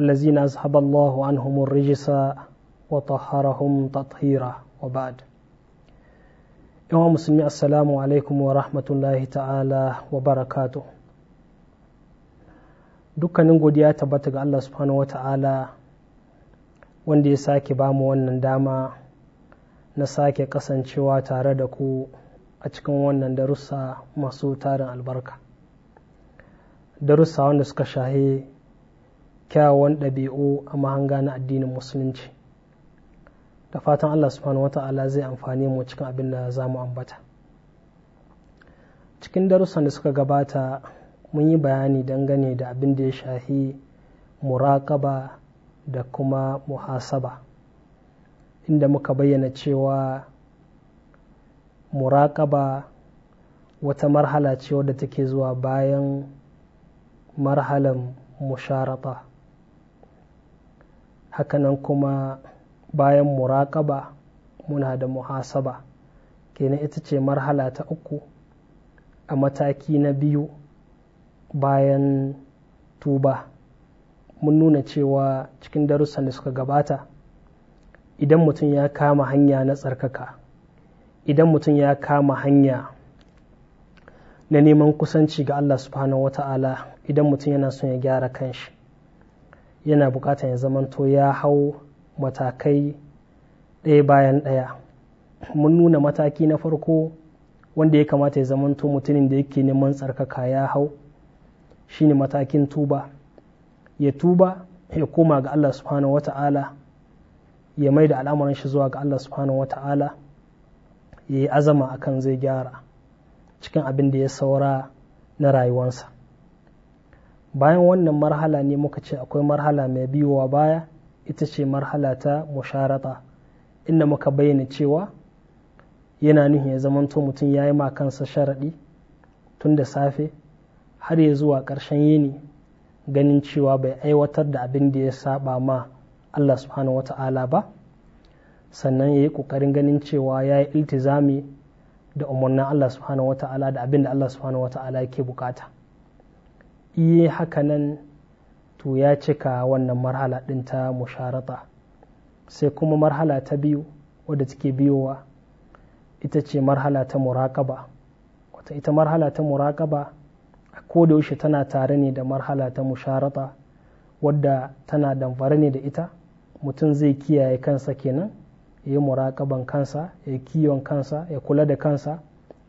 الذين أذهب الله عنهم الرجس وطهرهم تطهيرا وبعد yawan musulmi assalamu alaikum wa rahmatullahi ta'ala wa barakatu dukkanin godiya tabbata ga Allah subhanahu wa ta'ala wanda ya sake bamu wannan dama na sake kasancewa tare da ku a cikin wannan darussa masu tarin albarka darussa wanda suka shahe kyawawan ɗabi'u a mahanga na addinin musulunci da fatan allah wata wata'ala zai amfani mu cikin abin da za mu ambata cikin darussan da suka gabata mun yi bayani dangane da abin da ya shahi muraƙaba da kuma muhasaba inda muka bayyana cewa muraƙaba wata marhala ce wadda take zuwa bayan marhalan musharata hakanan kuma bayan muraƙaba muna da muhasaba kenan ita ce marhala ta uku a mataki na biyu bayan tuba mun nuna cewa cikin darussan da suka gabata idan mutum ya kama hanya na tsarkaka idan mutum ya kama hanya na neman kusanci ga Allah subhanahu wata'ala idan mutum yana son ya gyara kanshi yana bukatan ya zamanto ya hau matakai ɗaya bayan ɗaya mun nuna mataki na farko wanda ya kamata ya zamanto mutumin da yake neman tsarkaka ya hau shine matakin tuba ya tuba ya koma ga Allah subhanahu wata'ala ya mai da al'amuran shi zuwa ga Allah subhanahu wata'ala ya yi azama akan zai gyara cikin abin da ya saura na rayuwansa. bayan wannan marhala ne muka ce akwai marhala mai biyowa baya ita ce marhala ta musharata inda muka bayyana cewa yana nuhi ya zamanto mutum ya yi kansa sharaɗi tun da safe har ya zuwa ƙarshen yini ganin cewa bai aiwatar da abin da ya saba ma Allah subhanahu wa ta'ala ba sannan ya yi ƙoƙarin ganin cewa ya yi iltizami da umarnin Allah subhanahu wa ta'ala da abin da Allah subhanahu wa ta'ala yake bukata. iya nan to ya cika wannan marhala ɗin ta musharata sai kuma marhala ta biyu wadda take biyowa ita ce marhala ta muraƙaba wata ita marhala ta muraƙaba a kodayaushe tana tare ne da marhala ta musharata wadda tana damfara ne da ita mutum zai kiyaye kansa kenan ya yi muraƙaban kansa ya kiwon kansa ya kula da kansa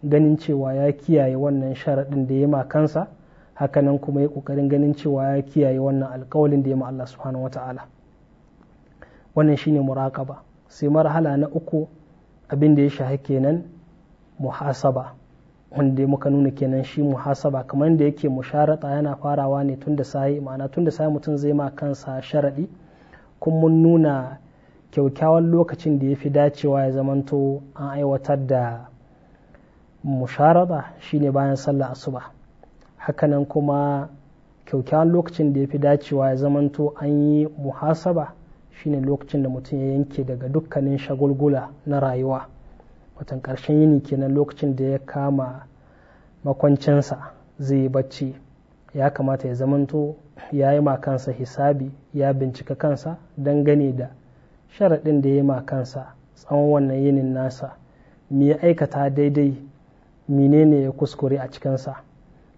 ganin cewa ya kiyaye wannan sharaɗin da ya ma kansa hakanan kuma ya kokarin ganin cewa ya kiyaye wannan alkawalin da ya ma Allah subhanahu wata'ala wannan shine muraqaba sai marhala na uku abin da ya shahi kenan muhasaba wanda muka nuna kenan shi muhasaba kamar da yake musharata yana farawa ne tun da sai ma'ana tun da sai mutum zai ma kansa sharadi kun mun nuna kyaukyawan lokacin da ya fi dacewa ya zamanto an aiwatar da musharaba shine bayan sallah asuba hakanan kuma kyaukyawan lokacin da ya fi dacewa ya zamanto an yi muhasaba shine lokacin da mutum ya yanke daga dukkanin shagulgula na rayuwa watan ƙarshen yini kenan lokacin da ya kama makwancinsa zai yi bacci ya kamata ya zamanto ya yi ma kansa hisabi ya bincika kansa dangane da sharaɗin da ya yi ma kansa tsawon wannan yinin nasa me ya aikata daidai menene ya kuskure a cikinsa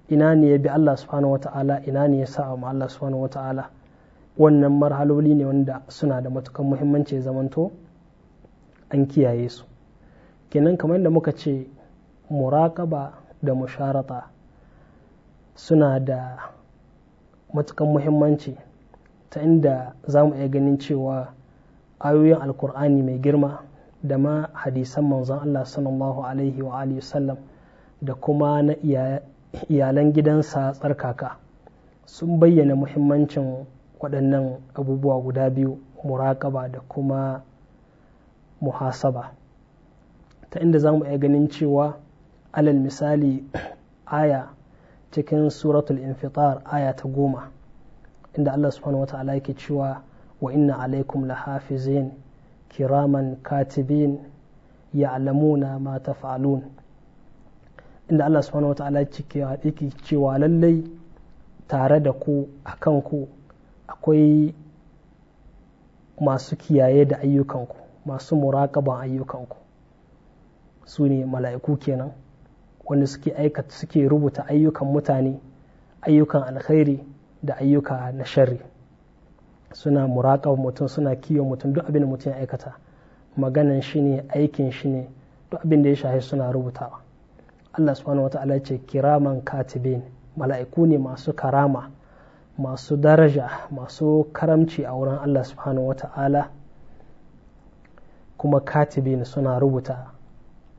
ina ne ya bi Allah subhanahu wata'ala ina ne ya sa ma Allah subhanahu wata'ala wannan marhaloli ne wanda suna da matukan muhimmanci zamanto an kiyaye su kenan kamar da muka ce muraƙaba da musharata suna da matukan muhimmanci ta inda za mu iya ganin cewa ayoyin alkur'ani mai girma da ma hadisan manzon Allah sallallahu alaihi wa alihi sallam da kuma na iyalan gidansa tsarkaka sun bayyana muhimmancin waɗannan abubuwa guda biyu muraƙaba da kuma muhasaba ta inda za mu iya ganin cewa alal misali aya cikin suratul infitar aya ta goma inda Allah subhanahu wa ta'ala yake cewa wa inna alaikum lahafizin kiraman katibin ya alamuna ma taf'alun inda Allah subhanahu wa ta'ala yake cewa lallai tare da ku a kanku akwai masu kiyaye da ayyukanku masu muraƙaban ayyukanku su ne mala'iku kenan wanda suke aikata suke rubuta ayyukan mutane ayyukan alkhairi da ayyuka na sharri suna muraƙaban mutum suna kiyo mutum duk abin da mutum ya aikata maganan shi ne aikin shi ne duk abin da ya shahi suna rubutawa Allah subhanahu wata'ala ce kiraman katibin mala'iku ne masu karama masu daraja masu karamci a wurin Allah subhanahu wata'ala kuma katibin suna rubuta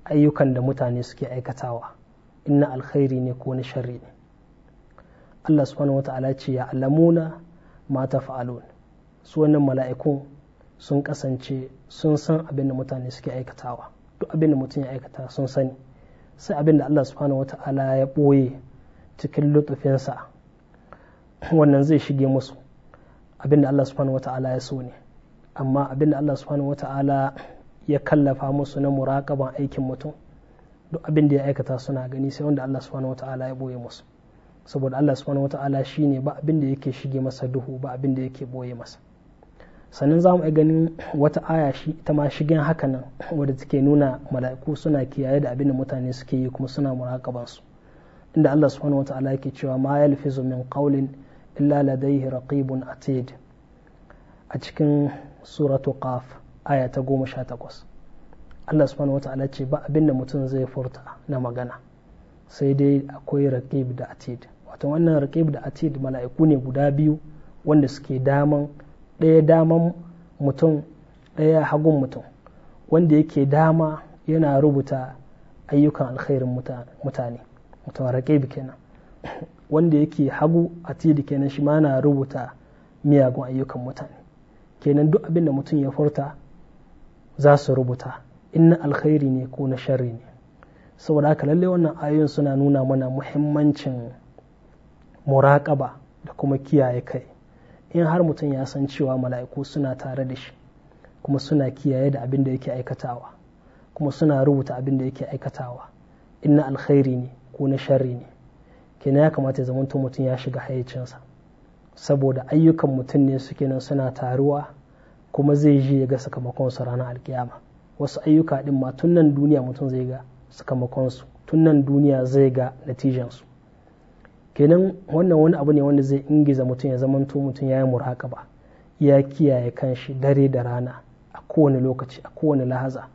ayyukan da mutane suke aikatawa inna alkhairi ne ko na sharri ne Allah subhanahu wata'ala ce ya alamuna mata fa'alun su wannan mala'ikun sun kasance sun san abin da mutane suke aikatawa duk abin da mutum ya aikata sun sani sai abin da Allah subhanahu wa ta'ala ya ɓoye cikin lutufinsa wannan zai shige musu abin da Allah subhanahu wa ta'ala ya so ne amma abin da Allah subhanahu wa ta'ala ya kallafa musu na muraƙaban aikin mutum duk abin da ya aikata suna gani sai wanda Allah subhanahu wa ta'ala ya ɓoye musu saboda Allah subhanahu wa ta'ala shine ba abin da yake shige masa duhu ba abin da yake ɓoye masa sannan za mu iya ganin wata aya shi ta ma shigen haka nan wadda take nuna mala'iku suna kiyaye da abin da mutane suke yi kuma suna muraƙaban su inda Allah subhanahu wata'ala yake cewa ma yalfizu min qawlin illa ladayhi raqibun atid a cikin suratu qaf aya ta goma sha takwas Allah subhanahu wata'ala ce ba abin da mutum zai furta na magana sai dai akwai raqib da atid wato wannan raqib da atid mala'iku ne guda biyu wanda suke daman ɗaya daman mutum ɗaya hagun mutum wanda yake dama yana rubuta ayyukan alkhairin mutane mutum raƙib kenan wanda yake hagu a tidi kenan shi ma na rubuta miyagun ayyukan mutane kenan duk abin da mutum ya furta za su rubuta in na alkhairi ne ko na sharri ne saboda haka lallai wannan ayoyin suna nuna mana muhimmancin muraƙaba da kuma kiyaye kai in har mutum ya san cewa mala'iku suna tare da shi kuma suna kiyaye da abin da yake aikatawa kuma suna rubuta abin da yake aikatawa in na alkhairi ne ko na sharri ne kenan ya kamata ya zamanto mutum ya shiga hayyacinsa saboda ayyukan mutum ne suke nan suna taruwa kuma zai je ya ga sakamakon su ranar alkiyama wasu ayyuka din ma tun nan duniya mutum zai ga sakamakon su tun nan duniya zai ga natijansu kenan wannan wani abu ne wanda zai ingiza mutum ya zamanto mutum ya yi murakaba ya kiyaye kanshi dare da rana a kowane lokaci a kowane lahaza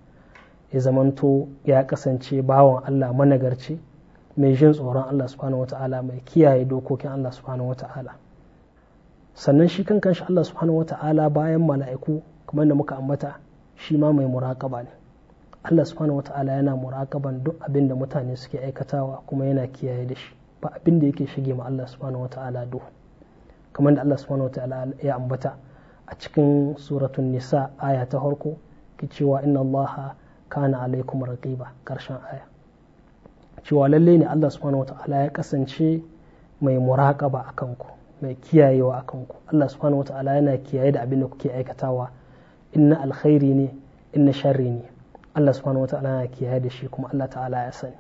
ya zamanto ya kasance bawan Allah managarci mai jin tsoron Allah subhanahu wata'ala mai kiyaye dokokin Allah subhanahu wata'ala sannan shi kan kanshi Allah subhanahu wata'ala bayan mala'iku kamar da muka ambata shi ma mai muraƙaba ne Allah subhanahu wata'ala yana muraƙaban duk abin da mutane suke aikatawa kuma yana kiyaye da shi ba abin da yake shige ma Allah subhanahu wata'ala duhu kamar da Allah subhanahu wata'ala ya ambata a cikin suratun nisa aya ta farko ki cewa inna Allah kana alaikum raqiba karshen aya cewa lalle ne Allah subhanahu wata'ala ya kasance mai muraqaba akan ku mai kiyayewa akan ku Allah subhanahu wata'ala yana kiyaye da abin da kuke aikatawa inna alkhairi ne inna sharri ne Allah subhanahu wata'ala yana kiyaye da shi kuma Allah ta'ala ya sani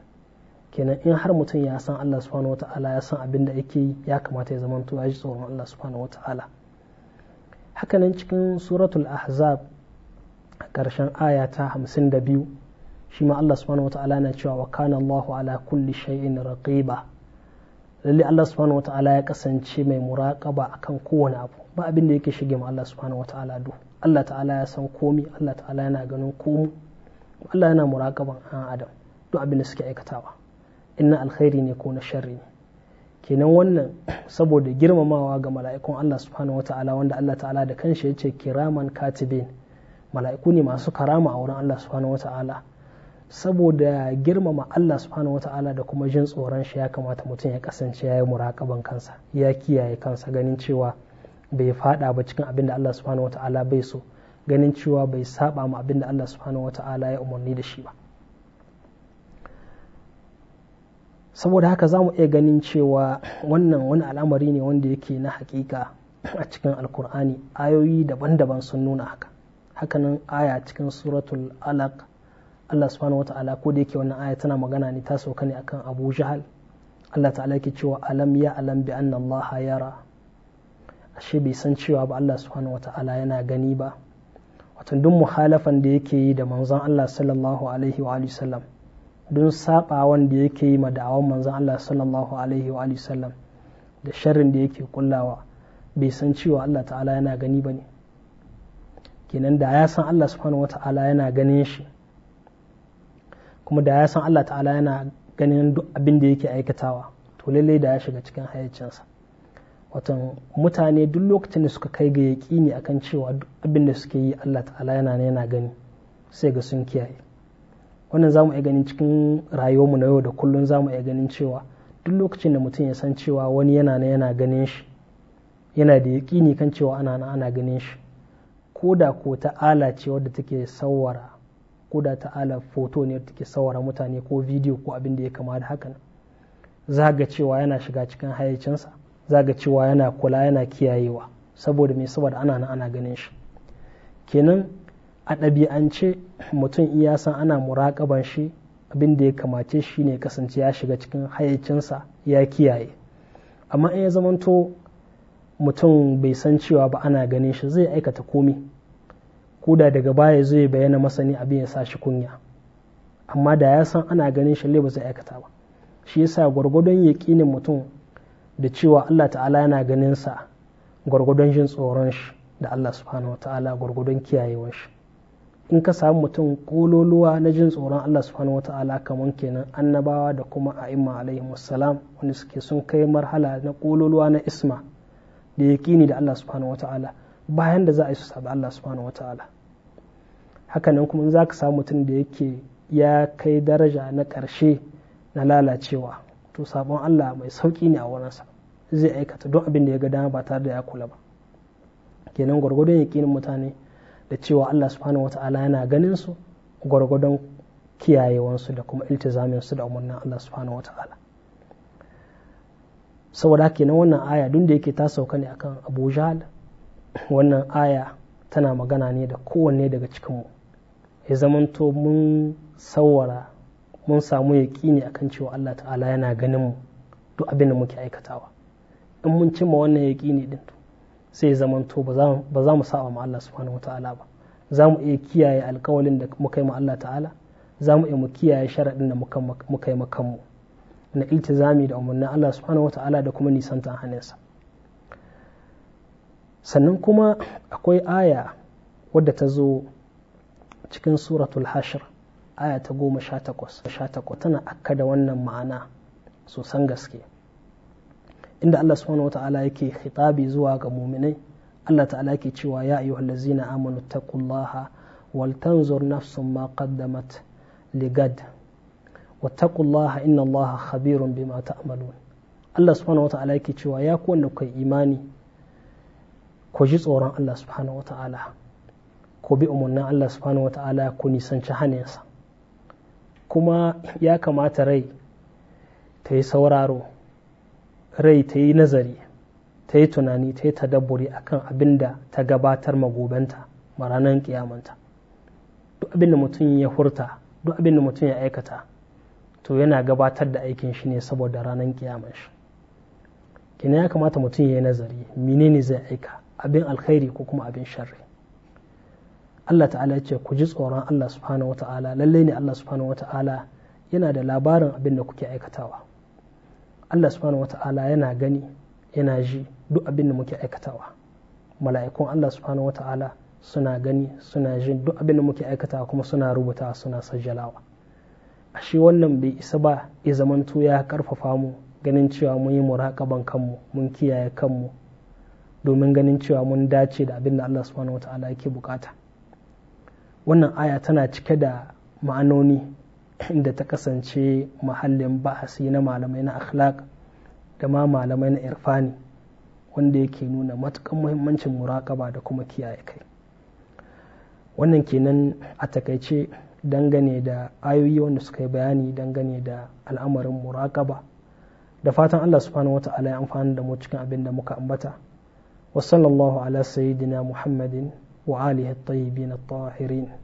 kenan in har mutum ya san Allah subhanahu wata'ala ya san abin da yake yi ya kamata ya zamanto ya ji tsoron Allah subhanahu wata'ala hakanan cikin suratul ahzab a ƙarshen aya ta hamsin da biyu shi ma Allah subhanahu wata'ala na cewa wa kana Allahu ala kulli shay'in raqiba lalle Allah subhanahu wata'ala ya kasance mai muraqaba akan kowane abu ba abin da yake shige ma Allah subhanahu wata'ala do Allah ta'ala ya san komi Allah ta'ala yana ganin komi Allah yana muraqaban an adam duk abin da suke aikatawa inna na alkhairi ne ko na sharri kenan wannan saboda girmamawa ga mala'ikun Allah subhanahu wa ta'ala wanda Allah ta'ala da kanshi ya ce kiraman katibin mala'iku ne masu karama a wurin Allah subhanahu wa ta'ala saboda girmama Allah subhanahu wa ta'ala da kuma jin tsoron shi ya kamata mutum ya kasance ya yi muraƙaban kansa ya kiyaye kansa ganin cewa bai fada ba cikin abin da Allah subhanahu wa ta'ala bai so ganin cewa bai saba ma abin da Allah subhanahu wa ta'ala ya umarni da shi ba saboda haka za mu iya ganin cewa wannan wani al'amari ne wanda yake na hakika a cikin alkur'ani ayoyi daban-daban sun nuna haka hakanan aya cikin suratul alaq Allah subhanahu wata'ala ko da yake wannan aya tana magana ne ta sauka ne akan Abu Jahal Allah ta'ala yake cewa alam ya alam bi anna Allah yara ashe bai san cewa ba Allah subhanahu wata'ala yana gani ba wato duk muhalafan da yake yi da manzon Allah sallallahu alaihi wa sallam don saba wanda yake yi ma da'awan manzon Allah sallallahu alaihi wa sallam da sharrin da yake kullawa bai san cewa Allah ta'ala yana gani ba ne kenan da ya san Allah subhanahu wata'ala yana ganin shi kuma da ya san Allah ta'ala yana ganin duk abin da yake aikatawa to lalle da ya shiga cikin hayyacinsa watan mutane duk lokacin da suka kai ga yaƙini akan cewa duk abin da suke yi Allah ta'ala yana ne yana gani sai ga sun kiyaye wannan za mu iya ganin cikin rayuwarmu na yau da kullum za mu iya ganin cewa duk lokacin da mutum ya san cewa wani yana na yana ganin shi yana da yaƙini kan cewa ana na ana ganin shi ko da ko ta'ala ce wadda take sawara ko da ta'ala foto ne wadda take sawara mutane ko bidiyo ko abin da ya kama da hakan za ga cewa yana shiga cikin hayyacinsa za ga cewa yana kula yana kiyayewa saboda mai saboda ana na ana ganin shi kenan a ɗabi'ance mutum iya san ana muraƙaban shi abin da ya kamace shi ne kasance ya shiga cikin hayyacinsa ya kiyaye amma in ya zamanto mutum bai san cewa ba ana ganin shi zai aikata komi koda daga baya zai bayyana masani abin ya sa shi kunya amma da ya san ana ganin shi ba zai aikata ba shi yasa gwargwadon ne mutum da cewa Allah ta'ala yana ganin sa gwargwadon jin tsoron shi da Allah subhanahu wa ta'ala gwargwadon kiyayewan shi in ka samu mutum kololuwa na jin tsoron Allah subhanahu wa ta'ala kamar kenan annabawa da kuma a'imma alaihi wassalam wani suke sun kai marhala na kololuwa na isma da yaƙini da Allah subhanahu wa ta'ala bayan da za a yi su sabi Allah subhanahu wa ta'ala hakanan kuma za ka samu mutum da yake ya kai daraja na ƙarshe na lalacewa to sabon Allah mai sauƙi ne a wurinsa zai aikata duk abin da ya ga dama ba tare da ya kula ba kenan gwargwadon yaƙinin mutane da cewa Allah subhanahu ta'ala yana ganin su gwargwadon kiyayewansu da kuma iltizamin su da umarnin Allah subhanahu ta'ala saboda haka kenan wannan aya duk da yake ta sauka ne akan Abu Jahl wannan aya tana magana ne da kowanne daga cikin mu. ya zamanto mun sawara mun samu yaƙini akan cewa Allah ta'ala yana ganin mu duk abin da muke aikatawa in mun cimma wannan yaƙini din to sai zamanto ba za mu saba ma Allah subhanahu wa ta'ala ba za mu iya kiyaye alkawalin da muka yi ma Allah ta'ala za mu iya mu kiyaye sharaɗin da muka yi na iltizami da umarnin Allah subhanahu wa ta'ala da kuma nisantan hannunsa sannan kuma akwai aya wadda ta zo cikin suratul hashir aya ta goma sha takwas tana akka da wannan ma'ana sosan gaske inda Allah subhanahu wata'ala yake khitabi zuwa ga muminai Allah ta'ala yake cewa ya ayyuhal ladzina amanu taqullaha wal tanzur nafsun ma qaddamat ligad wattaqullaha inna Allaha khabirun bima ta'malun Allah subhanahu wata'ala yake cewa ya ku wanda kai imani ku ji tsoron Allah subhanahu ku bi umarnin Allah subhanahu ku nisanci hanyarsa kuma ya kamata rai ta yi sauraro rai ta yi nazari ta yi tunani ta yi tadabburi kan abin da ta gabatar magobanta maranan kiyamanta duk abin da mutum ya hurta duk abin da mutum ya aikata to yana gabatar da aikin shi ne saboda ranar kiyaman shi kina ya kamata mutum ya yi nazari menene zai aika abin alkhairi ko kuma abin sharri Allah ta'ala ya ce ku ji tsoron Allah subhanahu wata'ala lallai ne Allah subhanahu wata'ala yana da labarin abin da kuke aikatawa Allah subhanahu wata'ala yana gani yana ji duk abin da muke aikatawa mala'ikun Allah subhanahu wata'ala suna gani suna jin duk abin da muke aikatawa kuma suna rubuta suna sajjalawa a shi wannan bai isa ba ya zamanto ya karfafa mu ganin cewa mun yi muraƙaban kanmu mun kiyaye kanmu domin ganin cewa mun dace da abin da Allah subhanahu wata'ala yake bukata wannan aya tana cike da ma'anoni da ta kasance mahallin ba'asi na malamai na akhlaq da ma malamai na irfani wanda yake nuna matukan muhimmancin muraƙaba da kuma kiyaye kai wannan kenan a takaice dangane da ayoyi wanda suka yi bayani dangane da al'amarin muraƙaba da fatan allah subhanahu wa ta'ala ya amfani da mu cikin abin da muka ambata wa sallallahu ala sayyidina muhammadin wa alihi at-tayyibin at-tahirin